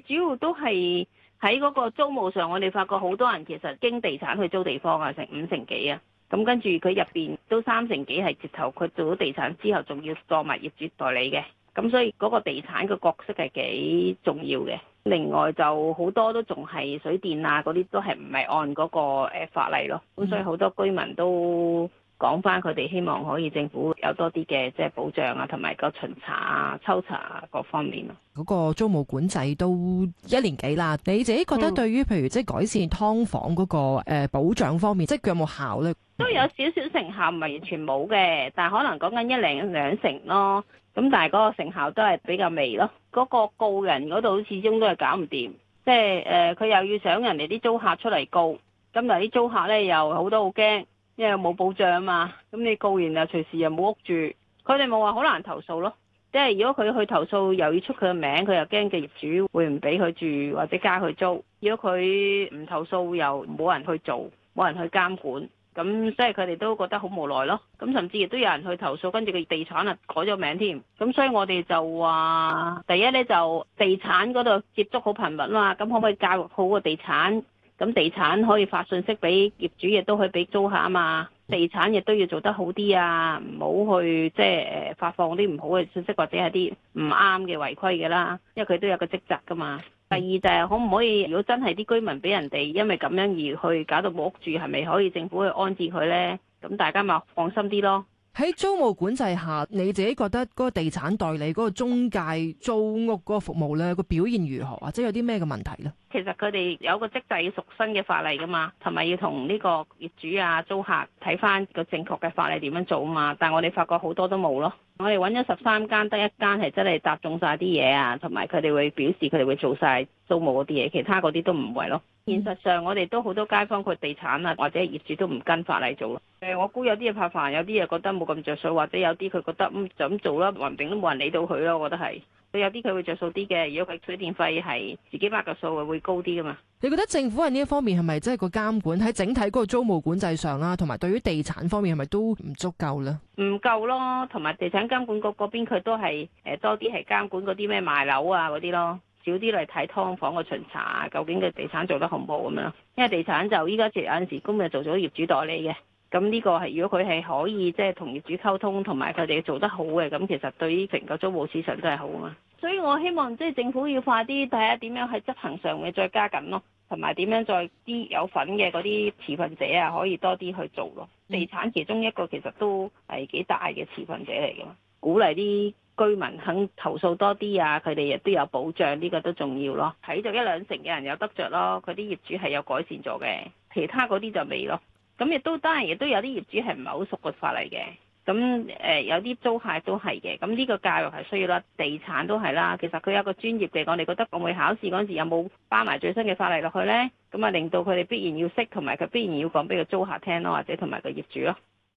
主要都係喺嗰個租務上，我哋發覺好多人其實經地產去租地方啊，成五成幾啊，咁跟住佢入邊都三成幾係接頭，佢做咗地產之後，仲要做物業接代理嘅，咁所以嗰個地產嘅角色係幾重要嘅。另外就好多都仲係水電啊嗰啲都係唔係按嗰個誒法例咯，咁所以好多居民都。講翻佢哋希望可以政府有多啲嘅即係保障啊，同埋個巡查、查啊、抽查各方面咯，啊。嗰個租務管制都一年幾啦。你自己覺得對於譬如即係改善劏房嗰個誒保障方面，即係佢有冇效咧？嗯、都有少少成效，唔係完全冇嘅，但係可能講緊一零兩成咯。咁但係嗰個成效都係比較微咯。嗰、嗰個告人嗰度始終都係搞唔掂，即係誒，佢、呃、又要想人哋啲租客出嚟告，咁但係啲租客咧又好多好驚。因為冇保障啊嘛，咁你告完就隨時又冇屋住，佢哋冇話好難投訴咯。即係如果佢去投訴，又要出佢嘅名，佢又驚嘅業主會唔俾佢住或者加佢租。如果佢唔投訴又冇人去做，冇人去監管，咁所以佢哋都覺得好無奈咯。咁甚至亦都有人去投訴，跟住個地產啊改咗名添。咁所以我哋就話，第一呢就地產嗰度接觸好頻密啊嘛，咁可唔可以教育好個地產？咁地產可以發信息俾業主，亦都可以俾租客啊嘛。地產亦都要做得好啲啊，唔好去即係誒發放啲唔好嘅信息，或者係啲唔啱嘅違規嘅啦。因為佢都有個職責噶嘛。第二就係、是、可唔可以，如果真係啲居民俾人哋因為咁樣而去搞到冇屋住，係咪可以政府去安置佢呢？咁大家咪放心啲咯。喺租務管制下，你自己覺得嗰個地產代理、嗰、嗰個中介租屋嗰個服務咧，個表現如何或者有啲咩嘅問題呢？其實佢哋有個職責要熟悉新嘅法例噶嘛，同埋要同呢個業主啊、租客睇翻個正確嘅法例點樣做啊嘛。但係我哋發覺好多都冇咯，我哋揾咗十三間，得一間係真係搭中晒啲嘢啊，同埋佢哋會表示佢哋會做晒租務嗰啲嘢，其他嗰啲都唔會咯。現實上，我哋都好多街坊佢地產啊，或者業主都唔跟法例做咯。我估有啲嘢怕煩，有啲嘢覺得冇咁着數，或者有啲佢覺得咁、嗯、就咁做啦，話唔定都冇人理到佢咯。我覺得係佢有啲佢會着數啲嘅。如果佢水電費係自己掙嘅數，會會高啲噶嘛？你覺得政府喺呢一方面係咪即係個監管喺整體嗰個租務管制上啦，同埋對於地產方面係咪都唔足夠咧？唔夠咯，同埋地產監管局嗰邊佢都係誒、呃、多啲係監管嗰啲咩賣樓啊嗰啲咯，少啲嚟睇劏房嘅巡查，究竟個地產做得好唔好咁樣？因為地產就依家即係有陣時工日做咗業主代理嘅。咁呢個係如果佢係可以即係同業主溝通，同埋佢哋做得好嘅，咁其實對於成個租務市場都係好啊嘛。所以我希望即係政府要快啲睇下點樣喺執行上面再加緊咯，同埋點樣再啲有份嘅嗰啲持份者啊，可以多啲去做咯。嗯、地產其中一個其實都係幾大嘅持份者嚟嘅嘛，鼓勵啲居民肯投訴多啲啊，佢哋亦都有保障，呢、呢個都重要咯。睇就一兩成嘅人有得着咯，佢啲業主係有改善咗嘅，其他嗰啲就未咯。咁亦都，當然亦都有啲業主係唔係好熟個法例嘅，咁誒、呃、有啲租客都係嘅，咁呢個教育係需要啦，地產都係啦，其實佢有一個專業嘅講，你覺得我會考試嗰陣時有冇包埋最新嘅法例落去呢？咁啊令到佢哋必然要識，同埋佢必然要講俾個租客聽咯，或者同埋個業主咯。